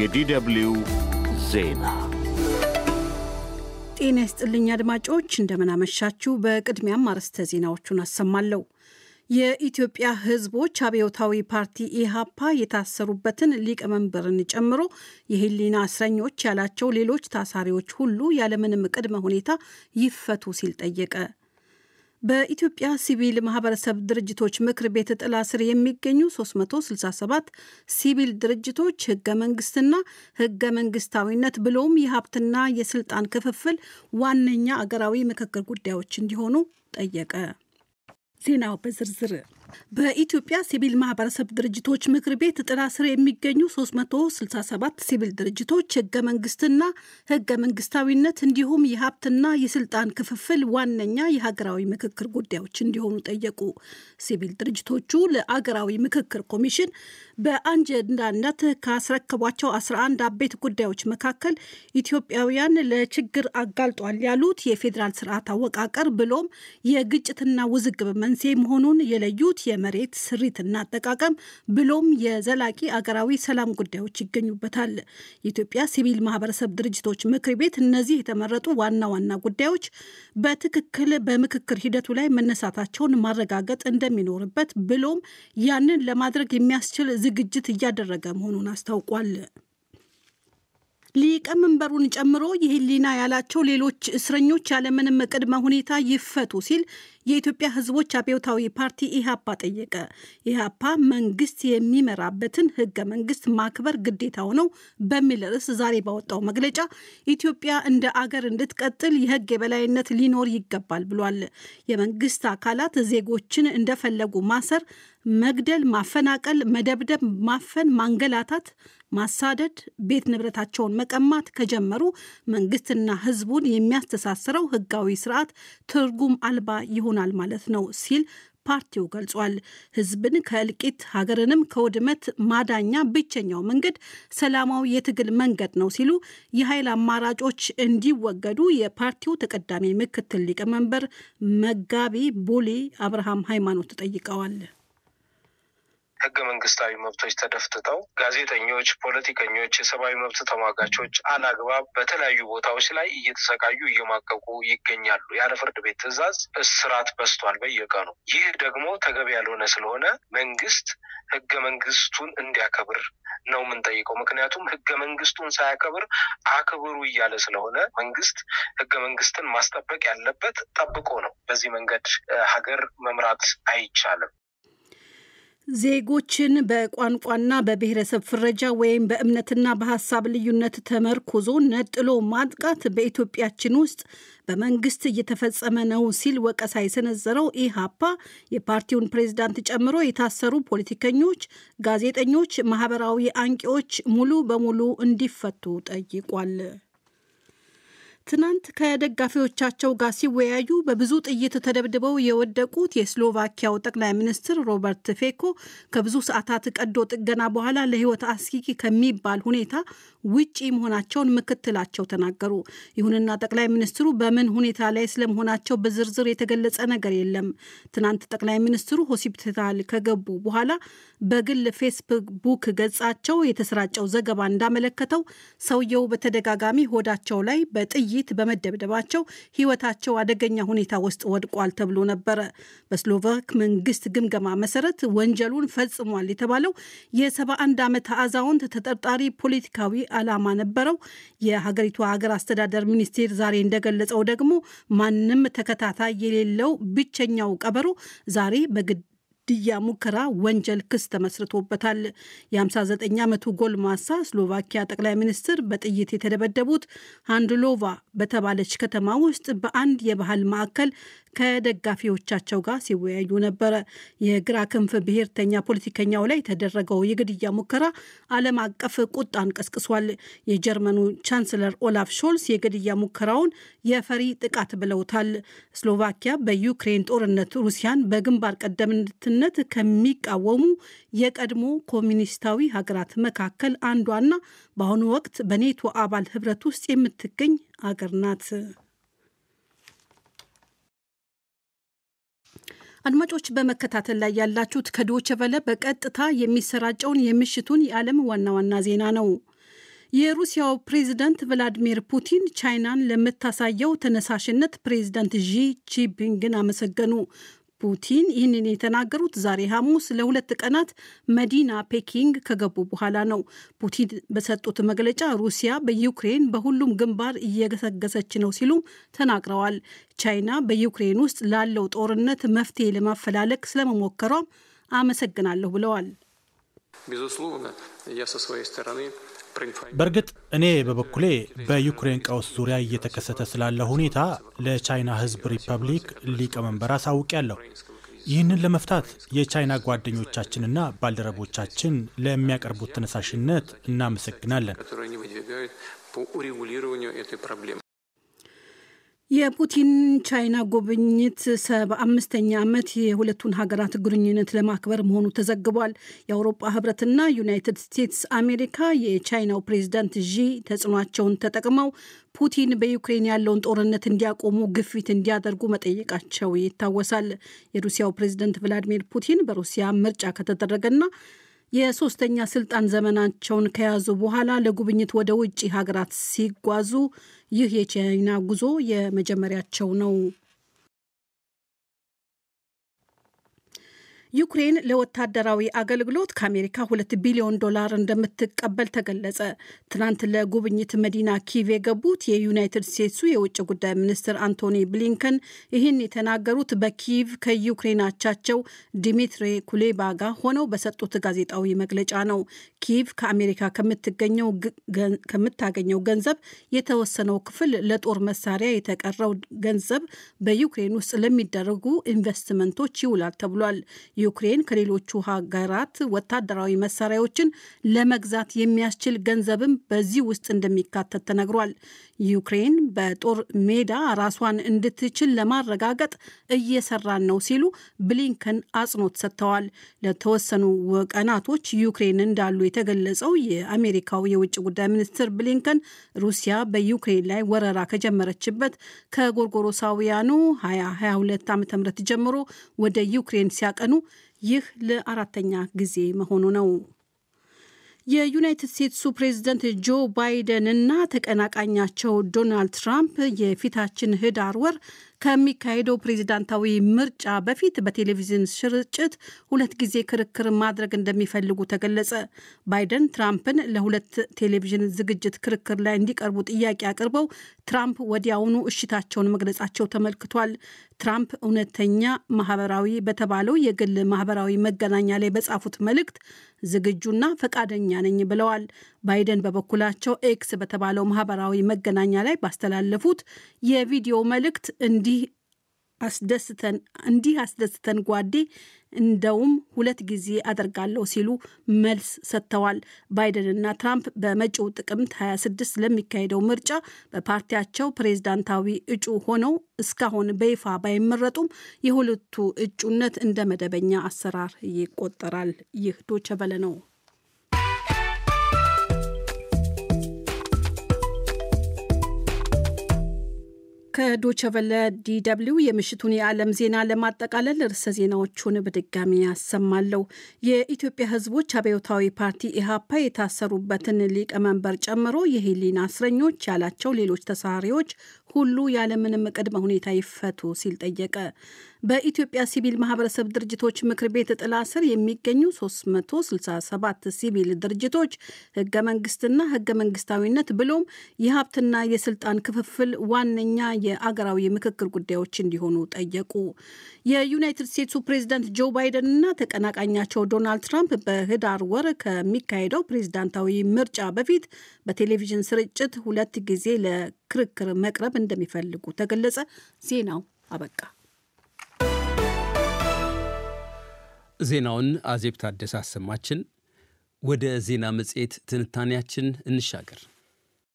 የዲደብልዩ ዜና ጤና ይስጥልኝ አድማጮች፣ እንደምናመሻችሁ። በቅድሚያም አርስተ ዜናዎቹን አሰማለሁ። የኢትዮጵያ ህዝቦች አብዮታዊ ፓርቲ ኢህአፓ የታሰሩበትን ሊቀመንበርን ጨምሮ የህሊና እስረኞች ያላቸው ሌሎች ታሳሪዎች ሁሉ ያለምንም ቅድመ ሁኔታ ይፈቱ ሲል ጠየቀ። በኢትዮጵያ ሲቪል ማህበረሰብ ድርጅቶች ምክር ቤት ጥላ ስር የሚገኙ 367 ሲቪል ድርጅቶች ህገ መንግስትና ህገ መንግስታዊነት ብሎም የሀብትና የስልጣን ክፍፍል ዋነኛ አገራዊ ምክክር ጉዳዮች እንዲሆኑ ጠየቀ። ዜናው በዝርዝር በኢትዮጵያ ሲቪል ማህበረሰብ ድርጅቶች ምክር ቤት ጥላ ስር የሚገኙ 367 ሲቪል ድርጅቶች ህገ መንግስትና ህገ መንግስታዊነት እንዲሁም የሀብትና የስልጣን ክፍፍል ዋነኛ የሀገራዊ ምክክር ጉዳዮች እንዲሆኑ ጠየቁ። ሲቪል ድርጅቶቹ ለአገራዊ ምክክር ኮሚሽን በአጀንዳነት ካስረከቧቸው 11 አበይት ጉዳዮች መካከል ኢትዮጵያውያን ለችግር አጋልጧል ያሉት የፌዴራል ስርዓት አወቃቀር ብሎም የግጭትና ውዝግብ መንስኤ መሆኑን የለዩት የገለጹት የመሬት ስሪትና አጠቃቀም ብሎም የዘላቂ አገራዊ ሰላም ጉዳዮች ይገኙበታል። የኢትዮጵያ ሲቪል ማህበረሰብ ድርጅቶች ምክር ቤት እነዚህ የተመረጡ ዋና ዋና ጉዳዮች በትክክል በምክክር ሂደቱ ላይ መነሳታቸውን ማረጋገጥ እንደሚኖርበት ብሎም ያንን ለማድረግ የሚያስችል ዝግጅት እያደረገ መሆኑን አስታውቋል። ሊቀመንበሩን ጨምሮ የህሊና ያላቸው ሌሎች እስረኞች ያለምንም ቅድመ ሁኔታ ይፈቱ ሲል የኢትዮጵያ ህዝቦች አብዮታዊ ፓርቲ ኢህአፓ ጠየቀ። ኢህአፓ መንግስት የሚመራበትን ህገ መንግስት ማክበር ግዴታው ነው በሚል ርዕስ ዛሬ ባወጣው መግለጫ ኢትዮጵያ እንደ አገር እንድትቀጥል የህግ የበላይነት ሊኖር ይገባል ብሏል። የመንግስት አካላት ዜጎችን እንደፈለጉ ማሰር፣ መግደል፣ ማፈናቀል፣ መደብደብ፣ ማፈን፣ ማንገላታት ማሳደድ፣ ቤት ንብረታቸውን መቀማት ከጀመሩ መንግስትና ህዝቡን የሚያስተሳስረው ህጋዊ ስርዓት ትርጉም አልባ ይሆናል ማለት ነው ሲል ፓርቲው ገልጿል። ህዝብን ከእልቂት ሀገርንም ከውድመት ማዳኛ ብቸኛው መንገድ ሰላማዊ የትግል መንገድ ነው ሲሉ የኃይል አማራጮች እንዲወገዱ የፓርቲው ተቀዳሚ ምክትል ሊቀመንበር መጋቢ ቦሌ አብርሃም ሃይማኖት ጠይቀዋል። ህገ መንግስታዊ መብቶች ተደፍትተው ጋዜጠኞች፣ ፖለቲከኞች፣ የሰብአዊ መብት ተሟጋቾች አላግባብ በተለያዩ ቦታዎች ላይ እየተሰቃዩ እየማቀቁ ይገኛሉ። ያለ ፍርድ ቤት ትዕዛዝ እስራት በዝቷል በየቀኑ። ይህ ደግሞ ተገቢ ያልሆነ ስለሆነ መንግስት ህገ መንግስቱን እንዲያከብር ነው የምንጠይቀው። ምክንያቱም ህገ መንግስቱን ሳያከብር አክብሩ እያለ ስለሆነ መንግስት ህገ መንግስትን ማስጠበቅ ያለበት ጠብቆ ነው። በዚህ መንገድ ሀገር መምራት አይቻልም። ዜጎችን በቋንቋና በብሔረሰብ ፍረጃ ወይም በእምነትና በሀሳብ ልዩነት ተመርኩዞ ነጥሎ ማጥቃት በኢትዮጵያችን ውስጥ በመንግስት እየተፈጸመ ነው ሲል ወቀሳ የሰነዘረው ኢህአፓ የፓርቲውን ፕሬዝዳንት ጨምሮ የታሰሩ ፖለቲከኞች፣ ጋዜጠኞች፣ ማህበራዊ አንቂዎች ሙሉ በሙሉ እንዲፈቱ ጠይቋል። ትናንት ከደጋፊዎቻቸው ጋር ሲወያዩ በብዙ ጥይት ተደብድበው የወደቁት የስሎቫኪያው ጠቅላይ ሚኒስትር ሮበርት ፌኮ ከብዙ ሰዓታት ቀዶ ጥገና በኋላ ለሕይወት አስጊ ከሚባል ሁኔታ ውጪ መሆናቸውን ምክትላቸው ተናገሩ። ይሁንና ጠቅላይ ሚኒስትሩ በምን ሁኔታ ላይ ስለመሆናቸው በዝርዝር የተገለጸ ነገር የለም። ትናንት ጠቅላይ ሚኒስትሩ ሆስፒታል ከገቡ በኋላ በግል ፌስቡክ ገጻቸው የተሰራጨው ዘገባ እንዳመለከተው ሰውየው በተደጋጋሚ ሆዳቸው ላይ በጥይ በጥይት በመደብደባቸው ሕይወታቸው አደገኛ ሁኔታ ውስጥ ወድቋል ተብሎ ነበረ። በስሎቫክ መንግስት ግምገማ መሰረት ወንጀሉን ፈጽሟል የተባለው የ71 ዓመት አዛውንት ተጠርጣሪ ፖለቲካዊ ዓላማ ነበረው። የሀገሪቱ ሀገር አስተዳደር ሚኒስቴር ዛሬ እንደገለጸው ደግሞ ማንም ተከታታይ የሌለው ብቸኛው ቀበሮ ዛሬ በግድ ግድያ ሙከራ ወንጀል ክስ ተመስርቶበታል። የ59 ዓመቱ ጎልማሳ ስሎቫኪያ ጠቅላይ ሚኒስትር በጥይት የተደበደቡት ሃንድሎቫ በተባለች ከተማ ውስጥ በአንድ የባህል ማዕከል ከደጋፊዎቻቸው ጋር ሲወያዩ ነበረ። የግራ ክንፍ ብሔርተኛ ፖለቲከኛው ላይ የተደረገው የግድያ ሙከራ ዓለም አቀፍ ቁጣን ቀስቅሷል። የጀርመኑ ቻንስለር ኦላፍ ሾልስ የግድያ ሙከራውን የፈሪ ጥቃት ብለውታል። ስሎቫኪያ በዩክሬን ጦርነት ሩሲያን በግንባር ቀደምነት ጦርነት ከሚቃወሙ የቀድሞ ኮሚኒስታዊ ሀገራት መካከል አንዷና በአሁኑ ወቅት በኔቶ አባል ህብረት ውስጥ የምትገኝ አገር ናት። አድማጮች በመከታተል ላይ ያላችሁት ከዶቸቨለ በቀጥታ የሚሰራጨውን የምሽቱን የዓለም ዋና ዋና ዜና ነው። የሩሲያው ፕሬዝደንት ቭላዲሚር ፑቲን ቻይናን ለምታሳየው ተነሳሽነት ፕሬዝደንት ዢ ቺፒንግን አመሰገኑ። ፑቲን ይህንን የተናገሩት ዛሬ ሐሙስ ለሁለት ቀናት መዲና ፔኪንግ ከገቡ በኋላ ነው። ፑቲን በሰጡት መግለጫ ሩሲያ በዩክሬን በሁሉም ግንባር እየገሰገሰች ነው ሲሉም ተናግረዋል። ቻይና በዩክሬን ውስጥ ላለው ጦርነት መፍትሄ ለማፈላለግ ስለመሞከሯም አመሰግናለሁ ብለዋል። በእርግጥ እኔ በበኩሌ በዩክሬን ቀውስ ዙሪያ እየተከሰተ ስላለ ሁኔታ ለቻይና ህዝብ ሪፐብሊክ ሊቀመንበር አሳውቅ ያለው ይህንን ለመፍታት የቻይና ጓደኞቻችንና ባልደረቦቻችን ለሚያቀርቡት ተነሳሽነት እናመሰግናለን። የፑቲን ቻይና ጉብኝት ሰባ አምስተኛ ዓመት የሁለቱን ሀገራት ግንኙነት ለማክበር መሆኑ ተዘግቧል። የአውሮፓ ህብረትና ዩናይትድ ስቴትስ አሜሪካ የቻይናው ፕሬዚዳንት ዢ ተጽዕኖቸውን ተጠቅመው ፑቲን በዩክሬን ያለውን ጦርነት እንዲያቆሙ ግፊት እንዲያደርጉ መጠየቃቸው ይታወሳል። የሩሲያው ፕሬዚደንት ቭላዲሚር ፑቲን በሩሲያ ምርጫ ከተደረገና የሶስተኛ ስልጣን ዘመናቸውን ከያዙ በኋላ ለጉብኝት ወደ ውጭ ሀገራት ሲጓዙ ይህ የቻይና ጉዞ የመጀመሪያቸው ነው። ዩክሬን ለወታደራዊ አገልግሎት ከአሜሪካ ሁለት ቢሊዮን ዶላር እንደምትቀበል ተገለጸ። ትናንት ለጉብኝት መዲና ኪቭ የገቡት የዩናይትድ ስቴትሱ የውጭ ጉዳይ ሚኒስትር አንቶኒ ብሊንከን ይህን የተናገሩት በኪቭ ከዩክሬን አቻቸው ዲሚትሪ ኩሌባ ጋር ሆነው በሰጡት ጋዜጣዊ መግለጫ ነው። ኪቭ ከአሜሪካ ከምታገኘው ገንዘብ የተወሰነው ክፍል ለጦር መሳሪያ፣ የተቀረው ገንዘብ በዩክሬን ውስጥ ለሚደረጉ ኢንቨስትመንቶች ይውላል ተብሏል። ዩክሬን ከሌሎቹ ሀገራት ወታደራዊ መሳሪያዎችን ለመግዛት የሚያስችል ገንዘብም በዚህ ውስጥ እንደሚካተት ተነግሯል። ዩክሬን በጦር ሜዳ ራሷን እንድትችል ለማረጋገጥ እየሰራን ነው ሲሉ ብሊንከን አጽንኦት ሰጥተዋል። ለተወሰኑ ቀናቶች ዩክሬን እንዳሉ የተገለጸው የአሜሪካው የውጭ ጉዳይ ሚኒስትር ብሊንከን ሩሲያ በዩክሬን ላይ ወረራ ከጀመረችበት ከጎርጎሮሳውያኑ 2022 ዓ ም ጀምሮ ወደ ዩክሬን ሲያቀኑ ይህ ለአራተኛ ጊዜ መሆኑ ነው። የዩናይትድ ስቴትሱ ፕሬዝደንት ጆ ባይደን እና ተቀናቃኛቸው ዶናልድ ትራምፕ የፊታችን ህዳር ወር ከሚካሄደው ፕሬዚዳንታዊ ምርጫ በፊት በቴሌቪዥን ስርጭት ሁለት ጊዜ ክርክር ማድረግ እንደሚፈልጉ ተገለጸ። ባይደን ትራምፕን ለሁለት ቴሌቪዥን ዝግጅት ክርክር ላይ እንዲቀርቡ ጥያቄ አቅርበው ትራምፕ ወዲያውኑ እሽታቸውን መግለጻቸው ተመልክቷል። ትራምፕ እውነተኛ ማህበራዊ በተባለው የግል ማህበራዊ መገናኛ ላይ በጻፉት መልእክት ዝግጁና ፈቃደኛ ነኝ ብለዋል። ባይደን በበኩላቸው ኤክስ በተባለው ማህበራዊ መገናኛ ላይ ባስተላለፉት የቪዲዮ መልእክት እንዲ እንዲህ አስደስተን እንዲህ አስደስተን ጓዴ እንደውም ሁለት ጊዜ አደርጋለሁ ሲሉ መልስ ሰጥተዋል። ባይደንና ትራምፕ በመጪው ጥቅምት 26 ለሚካሄደው ምርጫ በፓርቲያቸው ፕሬዝዳንታዊ እጩ ሆነው እስካሁን በይፋ ባይመረጡም የሁለቱ እጩነት እንደ መደበኛ አሰራር ይቆጠራል። ይህ ዶቸበለ ነው። ከዶቸቨለ ዲደብሊው የምሽቱን የዓለም ዜና ለማጠቃለል ርዕሰ ዜናዎቹን በድጋሚ ያሰማለሁ። የኢትዮጵያ ሕዝቦች አብዮታዊ ፓርቲ ኢህአፓ የታሰሩበትን ሊቀመንበር ጨምሮ የህሊና እስረኞች ያላቸው ሌሎች ተሳሪዎች ሁሉ ያለምንም ቅድመ ሁኔታ ይፈቱ ሲል ጠየቀ። በኢትዮጵያ ሲቪል ማህበረሰብ ድርጅቶች ምክር ቤት ጥላ ስር የሚገኙ 367 ሲቪል ድርጅቶች ህገ መንግስትና ህገ መንግስታዊነት ብሎም የሀብትና የስልጣን ክፍፍል ዋነኛ የአገራዊ ምክክር ጉዳዮች እንዲሆኑ ጠየቁ። የዩናይትድ ስቴትሱ ፕሬዚዳንት ጆ ባይደንና ተቀናቃኛቸው ዶናልድ ትራምፕ በህዳር ወር ከሚካሄደው ፕሬዚዳንታዊ ምርጫ በፊት በቴሌቪዥን ስርጭት ሁለት ጊዜ ለክርክር መቅረብ እንደሚፈልጉ ተገለጸ። ዜናው አበቃ። ዜናውን አዜብ ታደሰ አሰማችን። ወደ ዜና መጽሔት ትንታኔያችን እንሻገር።